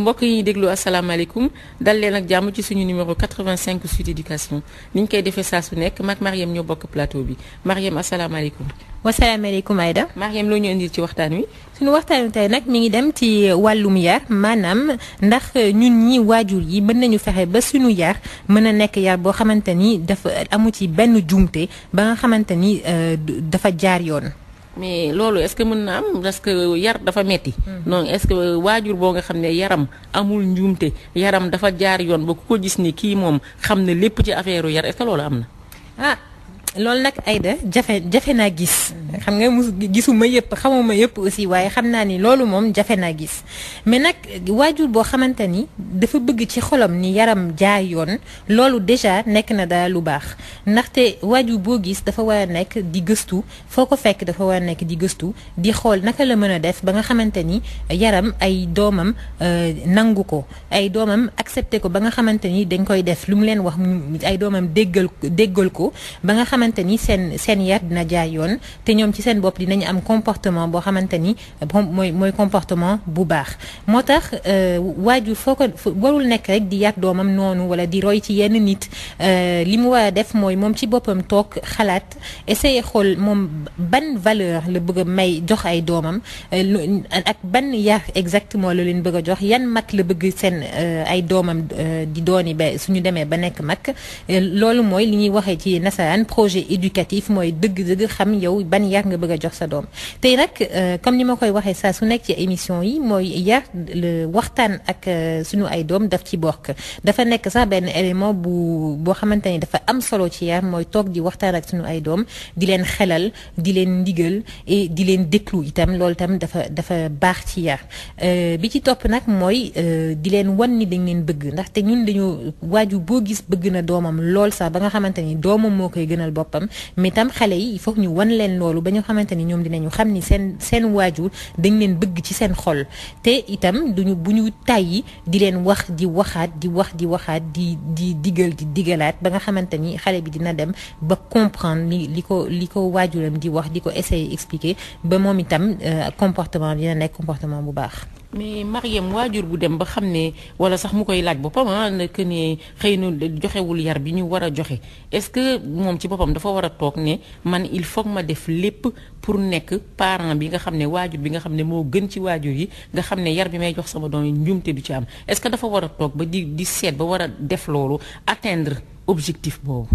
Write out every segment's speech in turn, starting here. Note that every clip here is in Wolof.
mbokk yi déglu asalaamaaleykum dal leen ak jàmm ci suñu numéro 85 Sud Éducation ni ñu koy defee saa su nekk maak Mariam ñoo bokk plateau bi Mariam asalaamaaleykum. wasalaamaaleykum ayda Mariam loo ñu indil ci waxtaan wi. suñu waxtaan wi tey nag mi ngi dem ci wàllum yar maanaam ndax ñun ñi waajur yi mën nañu fexe ba suñu yar mën a nekk yar boo xamante ni dafa amu ci benn jumte ba nga xamante ni euh, dafa jaar yoon. mais loolu est-ce que mën na am parce que yar dafa metti hmm. non est-ce que waajur boo nga xam ne yaram amul njuumte yaram dafa jaar yoon ba ku ko gis ni kii moom xam ne lépp ci affaire yar est loolu am na ah loolu nag Aïda jafe jafe naa gis mhm. xam nga mu gisuma yëpp xamuma yëpp aussi waaye xam naa ni loolu moom jafe naa gis mais nag waajur boo xamante ni dafa bëgg ci xolam ni yaram jaay yoon loolu déjà nekk na daal lu baax ndaxte waajur boo gis dafa war nekk di gëstu foo ko fekk dafa war a nekk di gëstu di xool naka la mën a def ba nga xamante ni yaram ay doomam euh, nangu ko ay doomam accepté ko ba nga xamante ni dañ koy def lu mu leen wax ay doomam déggal déggal ko ba nga xamante xamante ni seen seen yar dina jaay yoon te ñoom ci seen bopp dinañu am comportement boo xamante ni mooy mooy comportement bu baax moo tax euh, waajur foo ko warul nekk rek di yar doomam noonu wala di roy ci yenn nit euh, li mu war a def mooy moom ci boppam toog xalaat essayer xool moom ban valeur la bëgg a may jox ay doomam euh, ak ban yar exactement la leen bëgg a jox yan mag la bëgg seen ay doomam di dooni ba suñu demee ba nekk mag loolu mooy li ñuy waxee ci nasaraan projet éducatif mooy dëgg-dëgg xam yow ban yar nga bëgg a jox sa doom tey nag euh, comme ni ma koy waxee saa su nekk ci émission yi mooy yar le waxtaan ak euh, suñu ay doom daf ci bokk dafa nekk sax benn élément bu boo xamante ni dafa am solo ci yar mooy toog di waxtaan ak suñu ay doom di leen xelal di leen ndigal et di leen déglu itam lool itam dafa dafa baax ci yar euh, bi ci topp nag mooy di leen wan ni dañ leen bëgg ndaxte ñun dañu waaju boo gis bëgg na doomam lool sax ba xamante boppam mais tam xale yi il faut ñu wan leen loolu ba ñu xamante ni ñoom dinañu xam ni seen seen waajur dañ leen bëgg ci seen xol te itam duñu bu ñu tàyyi di leen wax di waxaat di wax di waxaat di di digal di digalaat ba nga xamante ni xale bi dina dem ba comprendre li li ko li ko waajuram di wax di ko essayer expliquer ba moom itam euh, comportement bi dina nekk comportement bu baax mais Mariem waajur bu dem ba xam ne wala sax mu koy laaj boppam ah que ne xëy na joxewul yar bi ñu war a joxe est-ce que moom ci boppam dafa war a toog ne man il faut ma def lépp pour nekk parent bi nga xam ne waajur bi nga xam ne moo gën ci waajur yi nga xam ne yar bi may jox sama doom yi njuumte du ci am est-ce que dafa war a toog ba di di seet ba war a def loolu atteindre objectif boobu.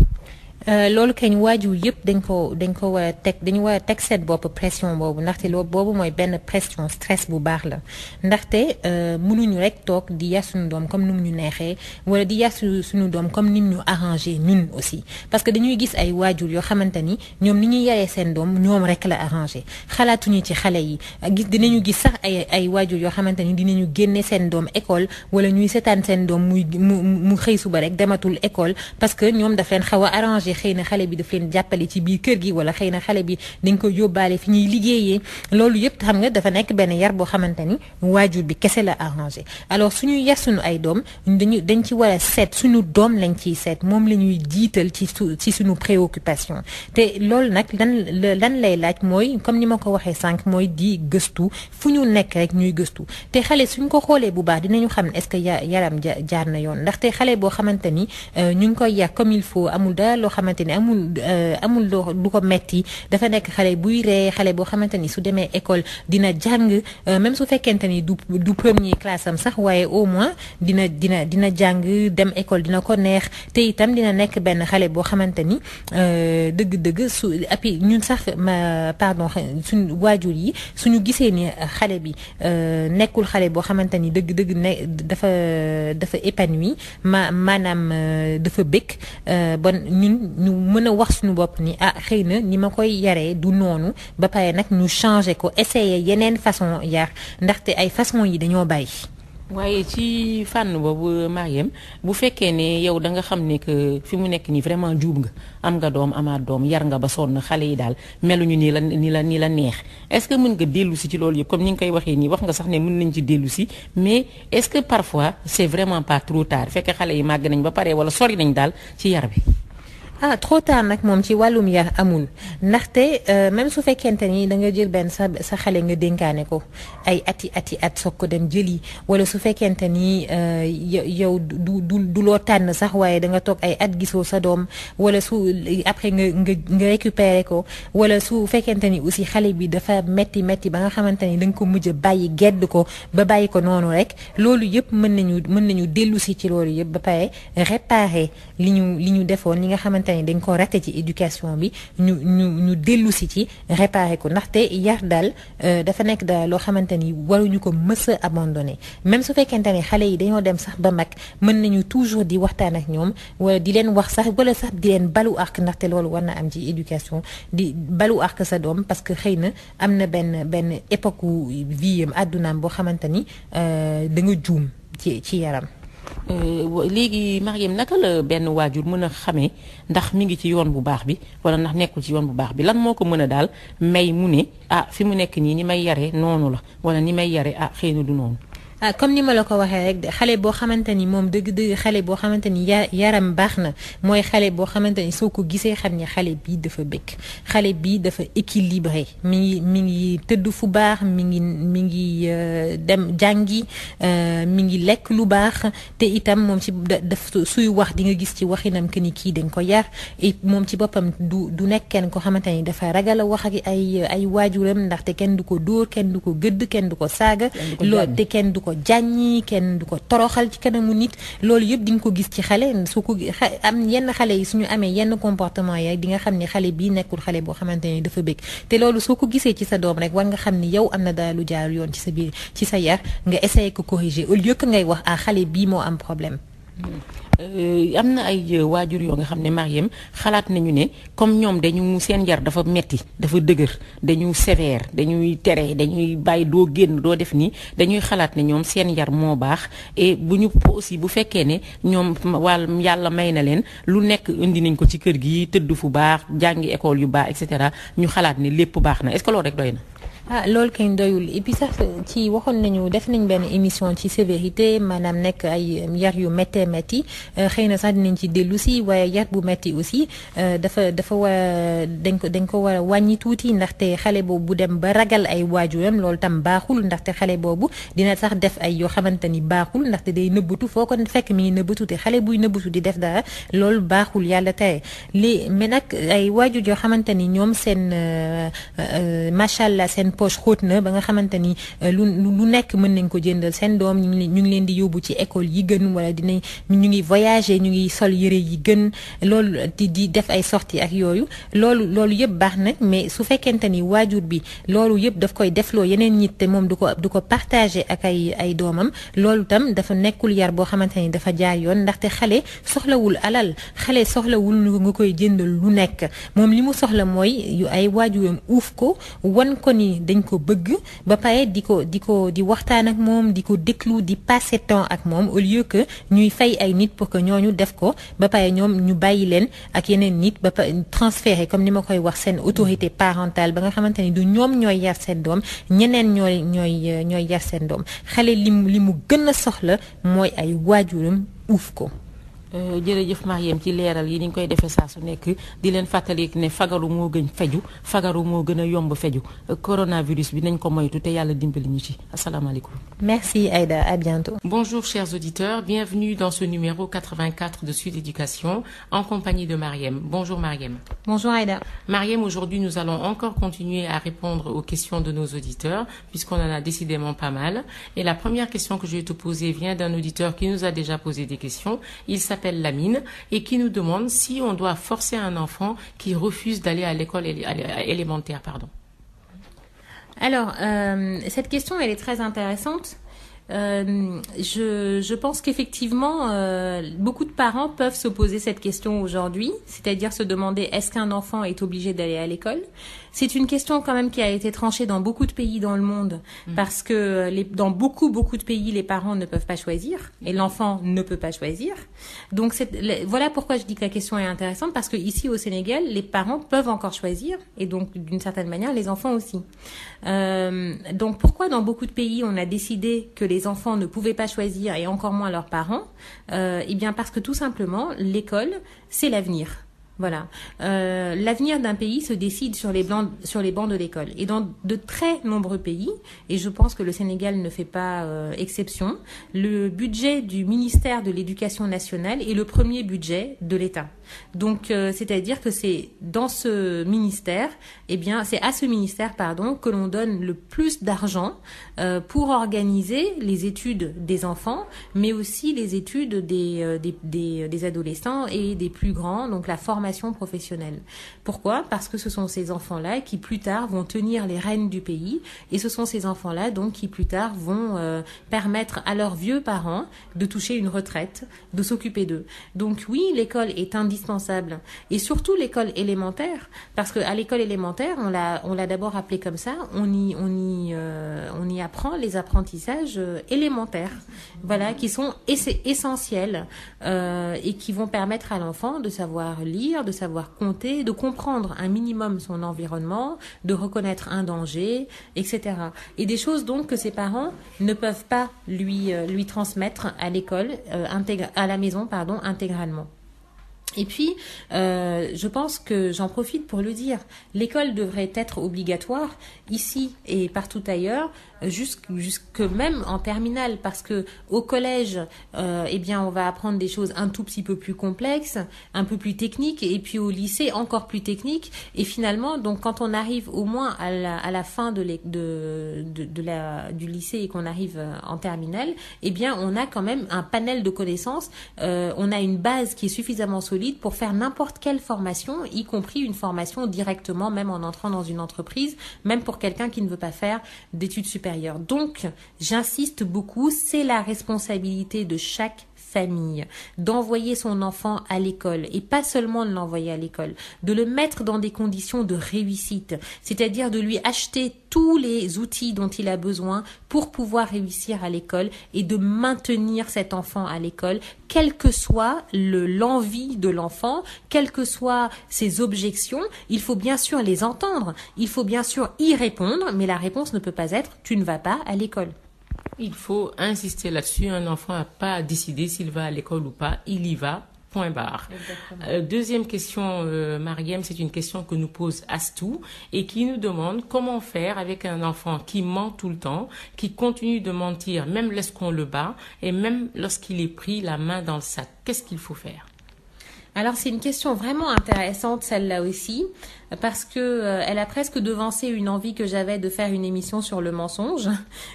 Euh, loolu kañ waajur yëpp dañ ko dañ ko war a teg dañu war a teg seen bopp pression boobu ndaxte loolu boobu mooy benn pression stress bu baax la ndaxte euh, munuñu rek toog di yar suñu doom comme ni mu ñu neexee wala di yar suñu doom comme ni ñu arrangé ñun aussi parce que dañuy gis ay waajur yoo xamante ni ñoom ni ñuy yaree seen doom ñoom rek la arrangé xalaatuñu ci xale yi gis dinañu gis sax ay ay waajur yoo xamante ni dinañu génne seen doom école wala ñuy seetaan seen doom muy mu mu xëy suba rek dematul école parce que ñoom daf laajee xëy na xale bi daf leen jàppale ci biir kër gi wala xëy na xale bi dañ ko yóbbaale fi ñuy liggéeyee loolu yëpp xam nga dafa nekk benn yar boo xamante ni waajur bi kese la arrangé alors suñuy yar suñu ay doom dañu dañ ci war seet suñu doom lañ ciy seet moom la ñuy jiital ci su ci suñu préoccupation te loolu nag lan lan lay laaj mooy comme ni ma ko waxee sànq mooy di gëstu fu ñu nekk rek ñuy gëstu te xale suñ ko xoolee bu baax dinañu xam est-ce que yaram jaar na yoon ndaxte xale boo xamante ni euh, ñu ngi koy yar comme il faut amul dara loo xam xamante ni amul euh, amul doo du ko metti dafa nekk xale buy ree xale boo xamante ni su demee école dina jàng euh, même su fekkente ni du du premier classe am sax waaye au moins dina dina dina jàng dem école dina ko neex te itam dina nekk benn xale boo xamante ni euh, dëgg-dëgg su api ñun sax ma pardon suñu waajur yi suñu gisee ni xale bi nekkul xale boo xamante ni dëgg-dëgg ne dafa dafa épanoui ma maanaam dafa bëgg bon ñu mën a wax suñu bopp ni ah xëy na ni ma koy yaree du noonu ba pare nag ñu changer ko essayer yeneen façon yar ndaxte ay façon yi dañoo bàyyi. waaye ci fànn boobu Mariem bu fekkee ne yow da nga xam ne que fi mu nekk nii vraiment juub nga am nga doom amaat doom yar nga ba sonn xale yi daal meluñu ni la ni la ni la neex est-ce que mën nga dellu si ci loolu yëpp comme ni nga koy waxee nii wax nga sax ne mun nañ ci dellu si mais est-ce que parfois c'est vraiment pas trop tard yi màgg nañ ba pare wala sori nañ daal ci yar bi. ah trop tard nag moom ci wàllum yar amul ndaxte euh, même su fekkente nii da nga jël benn sa sa xale nga dénkaane ko ay ati ati at soog ko dem jëli wala su fekkente ni euh, yow du du du loo tànn sax waaye da nga toog ay at gisoo sa doom wala su après nga nga nga récupérer ko wala su fekkente ni aussi xale bi dafa metti metti ba nga xamante ni da nga ko mujj bàyyi gedd ko ba bàyyi ko noonu rek loolu yëpp mën nañu mën nañu dellu si ci loolu yëpp ba pare réparer li ñu li ñu defoon li nga xamante xamante ni dañ ko raté ci éducation bi ñu ñu ñu dellu si ci réparé ko ndaxte yar daal euh, dafa nekk daal loo xamante ni waruñu ko mësa a abandonné même su fekkente ne xale yi dañoo dem sax ba mag mën nañu toujours di waxtaan ak ñoom wala di leen wax sax wala sax di leen balu àq ndaxte loolu war na am ci éducation di balu àq sa doom parce que xëy na am na benn benn époque vie am àddunaam boo xamante ni euh, da nga juum ci ci yaram Euh, léegi Mariam naka la benn waajur mën a xame ndax mu ngi ci yoon bu baax bi wala ndax nekkul ci yoon bu baax bi lan moo ko mën a daal may mu ne ah fi mu nekk nii ni may yare noonu la wala ni may yare ah xëy na du noonu Ah, comme ni ma la ko waxee rek xale boo xamante ni moom dëgg xale boo xamante ni ya yaram baax na mooy xale boo xamante ni soo ko gisee xam ne xale bii dafa bëgg xale bii dafa équilibré mi ngi mi ngi tëdd fu baax mi ngi mi ngi euh, dem jàngi euh, mi ngi lekk lu baax te itam moom ci daf suy wax di nga gis ci waxinam que ni kii dañ ko yar et moom ci boppam du du nekk kenn ko xamante ni dafa ragal a wax ak ay ay waajuram ndaxte kenn du ko dóor kenn du ko gëdd kenn du ko saaga lool te kenn du ko ko jàññi kenn du ko toroxal ci kanamu nit loolu yëpp di nga ko gis ci xale su ko am yenn xale yi suñu amee yenn comportement ya di nga xam ne xale bii nekkul xale boo xamante ne dafa bëgg te loolu soo ko gisee ci sa doom rek war nga xam ni yow am na daal lu jaar yoon ci sa biir ci sa yar nga essayé ko corriger au lieu ngay wax ah xale bii moo am problème Euh, am na ay euh, waajur yoo nga xam ne Mariem xalaat nañu ne comme ñoom dañu seen yar dafa metti dafa dëgër dañu sévère dañuy tere dañuy bàyyi doo génn doo def nii dañuy xalaat ne ñoom seen yar moo baax bu ñu aussi bu fekkee ne ñoom wàll yàlla may na leen lu nekk indi nañ ko ci kër gi tëdd fu baax jàngi école yu baax et cetera ñu xalaat ne lépp baax na est rek doy na. ah loolu kañ doyul et puis sax ci waxoon nañu def nañ benn émission ci sévérité maanaam nekk ay um, yar yu méttee métti euh, xëy na sax dinañ ci dellu si waaye yar bu métti aussi euh, dafa dafa waa dañ ko dañ ko war a wàññi tuuti ndaxte xale boobu bu dem ba ragal ay waajuram loolu tam baaxul ndaxte xale boobu dina sax def ay yoo xamante ni baaxul ndaxte day nëbbatu foo ko fekk mi ngi nëbbatu te xale buy nëbbatu di def dara loolu baaxul yàlla tere li mais nag ay waajur yoo xamante ni ñoom seen euh, macha allah seen poche xóot na ba nga xamante ni euh, lu nekk mën nañ ko jëndal seen doom ñu ngi leen di yóbbu ci école yi gën wala dinañ ñu ngi voyager ñu ngi sol yëre yi gën loolu di di def ay sorties ak yooyu loolu loolu yëpp baax na mais su fekkente ni waajur bi loolu yëpp daf koy defloo yeneen nit te moom du ko du ko partager ak ay ay doomam loolu tam dafa nekkul yar boo xamante ni dafa jaar yoon ndaxte xale soxlawul alal xale soxlawul nga koy jëndal lu nekk moom li mu soxla mooy yu ay waajuram dañ ko bëgg ba pare di ko di ko di waxtaan ak moom di ko déglu di passer temps ak moom au lieu que ñuy fay ay nit pour que ñooñu def ko ba pare ñoom ñu bàyyi leen ak yeneen nit ba pare comme ni ma koy wax seen autorité parentale ba nga xamante ni du ñoom ñooy yar seen doom ñeneen ñooy ñooy ñooy yar seen doom xale li mu li mu gën a soxla mooy ay waajuram uuf ko Euh, jërëjëf Mariam ci leeral yi ni ñu koy defee saa su nekk di leen fàttali ne fagaru moo gën feju fagaru moo gën a yomb feju euh, coronavirus bi nañ ko moytu te yàlla dimbali ñu ci asalaamaaleykum. merci Aïda à bientôt. bonjour chers auditeurs bienvenue dans ce numéro 84 de Sud Éducation en compagnie de Mariam bonjour Mariam. bonjour Aïda. Mariam aujourd'hui nous allons encore continuer à répondre aux questions de nos auditeurs puisqu'on en a décidément pas mal et la première question que je s'appelle Lamine et qui nous demande si on doit forcer un enfant qui refuse d'aller à l'école élémentaire. Pardon. Alors, euh, cette question, elle est très intéressante. Euh, je, je, pense qu'effectivement, euh, beaucoup de parents peuvent se poser cette question aujourd'hui, c'est-à-dire se demander est-ce qu'un enfant est obligé d'aller à l'école C'est une question qui a été tranchée dans beaucoup de pays dans le monde mm. parce que euh, dans beaucoup de pays les parents ne peuvent pas choisir et l'enfant ne peut pas choisir. voilà pourquoi je dis que la question intéressante parce que ici au Sénégal les parents peuvent encore choisir et donc d'une certaine manière les enfants aussi. Euh, donc pourquoi dans beaucoup de pays on a décidé que les enfants ne pouvaient pas choisir et encore moins euh, eh parce que tout simplement Voilà. Euh, L'avenir d'un pays se décide sur les, blancs, sur les bancs de l'école. Et dans de très nombreux pays, et je pense que le Sénégal ne fait pas euh, exception, le budget du ministère de l'Éducation nationale est le premier budget de l'État. Donc, euh, c'est-à-dire que c'est dans ce ministère, eh c'est à ce ministère, pardon, que l'on donne le plus d'argent euh, pour organiser les études des enfants, mais aussi les études des, euh, des, des, des adolescents et des plus grands, donc la formation professionnelle. Pourquoi Parce que ce sont ces enfants-là qui plus tard vont tenir les rênes du pays et ce sont ces enfants-là qui plus tard vont permettre à leurs vieux parents de toucher une retraite, de s'occuper d'eux. Donc oui, l'école indispensable. Et surtout l'école élémentaire, parce qu'à l'école élémentaire, on l'a, d'abord appelée comme ça, euh, on y, apprend les apprentissages euh, élémentaires, voilà, qui sont essentiels euh, et qui vont permettre à l'enfant de savoir lire, de savoir compter, de comprendre un minimum son environnement, de reconnaître un danger, etc. Et des choses donc que ses parents ne peuvent pas lui, euh, transmettre à l'école, intégralement. Et puis, euh, je pense que j'en profite pour le dire, l'école devrait être obligatoire ici et partout ailleurs, jusque, jusque même en terminale, parce que au collège, euh, eh bien, on va apprendre des choses un tout petit peu plus complexes, un peu plus techniques, et puis au lycée encore plus techniques. Et finalement, donc, quand on arrive au moins à la, à la fin de, de, de, de la, du lycée et qu'on arrive euh, en terminale, eh bien, on a quand même un panel de connaissances, euh, on a une base qui est suffisamment solide solide pour faire n'importe quelle formation, y compris une formation directement, même en entrant dans une entreprise, même pour quelqu'un qui ne veut pas faire d'études supérieures. Donc, j'insiste beaucoup, c'est la responsabilité de chaque famille, d'envoyer son enfant à l'école, et pas seulement de l'envoyer à l'école, de le mettre dans des conditions de réussite, c'est-à-dire de lui acheter tous les outils dont il a besoin pour pouvoir réussir à l'école et de maintenir cet enfant à l'école, quelle que soit l'envie de l'enfant, quelles que soient ses objections, il faut bien sûr les entendre, il faut bien sûr y répondre, mais la réponse ne peut pas être tu ne vas pas à l'école. Il faut insister là-dessus. Un enfant n'a pas à décider s'il va à l'école ou pas. Il y va, point barre. Euh, deuxième question, euh, Mariam, c'est une question que nous pose Astou et qui nous demande comment faire avec un enfant qui ment tout le temps, qui continue de mentir même lorsqu'on le bat et même lorsqu'il est pris la main dans le sac. Qu'est-ce qu'il faut faire alors, c'est une question vraiment intéressante, celle-là aussi. parce que euh, elle a presque devancé une envie que j'avais de faire une émission sur le mensonge.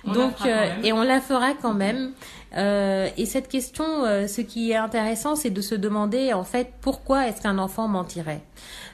On Donc euh, et on la fera quand mm-hmm. même. Euh, et cette question, euh, ce qui est intéressant, c'est de se demander en fait pourquoi est-ce qu'un enfant mentirait.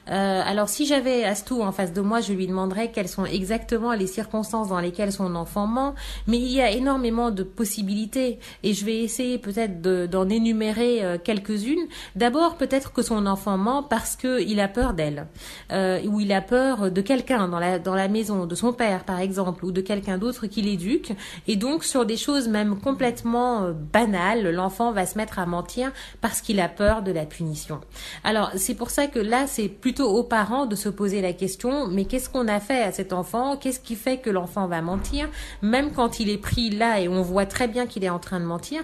Euh, alors si j'avais Astou en face de moi, je lui demanderais quelles sont exactement les circonstances dans lesquelles son enfant ment. Mais il y a énormément de possibilités et je vais essayer peut-être d'en énumérer euh, quelques-unes. D'abord peut-être que son enfant ment parce qu'il a peur d'elle. Euh, euh, où il a peur de quelqu'un dans la, dans la maison, de son père par exemple, ou de quelqu'un d'autre qui l'éduque. Et donc sur des choses même complètement euh, banales, l'enfant va se mettre à mentir parce qu'il a peur de la punition. Alors c'est pour ça que là, c'est plutôt aux parents de se poser la question, mais qu'est-ce qu'on a fait à cet enfant Qu'est-ce qui fait que l'enfant va mentir Même quand il est pris là et on voit très bien qu'il est en train de mentir,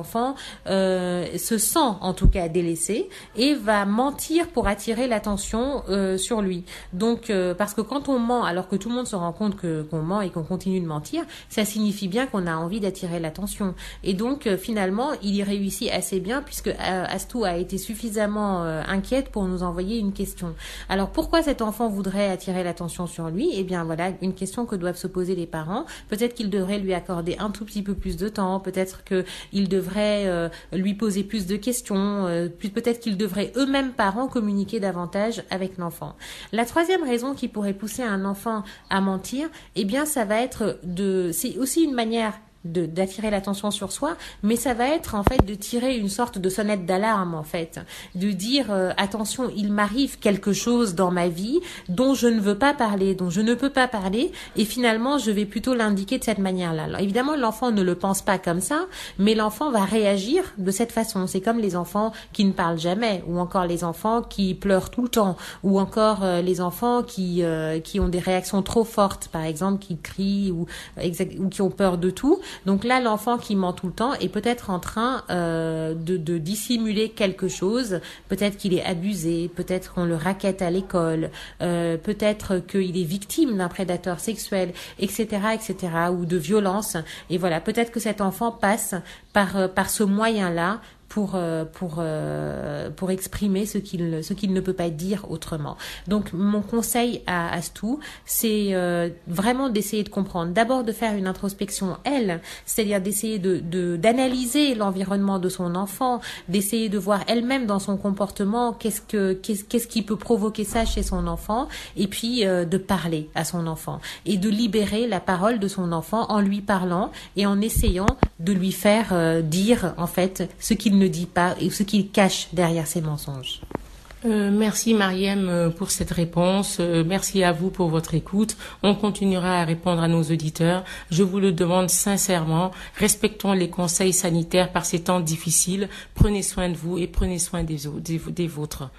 enfant euh, se sent en tout cas délaissé et va mentir pour attirer l'attention euh, sur lui. Donc euh, parce que quand on ment alors que tout le monde se rend compte que qu'on ment et qu'on continue de mentir, ça signifie bien qu'on a envie d'attirer l'attention. Et donc euh, finalement, il y réussit assez bien puisque euh, Astou a été suffisamment euh, inquiète pour nous envoyer une question. Alors pourquoi cet enfant voudrait attirer l'attention sur lui Eh bien voilà, une question que doivent se poser les parents. Peut-être qu'ils devraient lui accorder un tout petit peu plus de temps, peut-être qu'ils devraient devraient euh, lui poser plus de questions, euh, peut-être qu'ils devraient eux-mêmes parents communiquer davantage avec l'enfant. La troisième raison qui pourrait pousser un enfant à mentir, eh bien ça va être de, c'est aussi une manière d'attirer l'attention sur soi, mais ça va être en fait de tirer une sorte de sonnette d'alarme en fait, de dire euh, attention, il m'arrive quelque chose dans ma vie dont je ne veux pas parler, dont je ne peux pas parler, et finalement je vais plutôt l'indiquer de cette manière-là. évidemment l'enfant ne le pense pas comme ça, mais l'enfant va réagir de cette façon. C'est comme les enfants qui ne parlent jamais, ou encore les enfants qui pleurent tout le temps, ou euh, Donc là, l'enfant qui ment tout le temps est peut-être en train euh, de, de, dissimuler quelque chose. Peut-être qu'il est abusé, peut-être qu'on le raquette à l'école, euh, peut-être qu'il est victime d'un prédateur sexuel, etc., etc., ou de violence. Et voilà, peut-être que cet enfant passe par, euh, par ce moyen-là pour, euh, pour, euh, pour exprimer ce qu'il qu ne peut pas dire autrement. Donc mon conseil à Astou, c'est euh, vraiment d'essayer de comprendre. D'abord de faire une introspection, elle, c'est-à-dire d'essayer de d'analyser de, l'environnement de son enfant, d'essayer de voir elle-même dans son comportement qu'est-ce que qu'est-ce qu qui peut provoquer ça chez son enfant, et puis euh, de parler à son enfant et de libérer la parole de son enfant en lui parlant et en essayant de lui faire euh, dire en fait ce qu'il ne dit pas et ce qu'il cache derrière ces mensonges euh, merci Mariem euh, pour cette réponse. Euh, merci à vous pour votre écoute. On continuera à répondre à nos auditeurs. Je vous le demande sincèrement. Respectons les conseils sanitaires par ces temps difficiles. Prenez soin de vous et prenez soin des, des, des vôtres.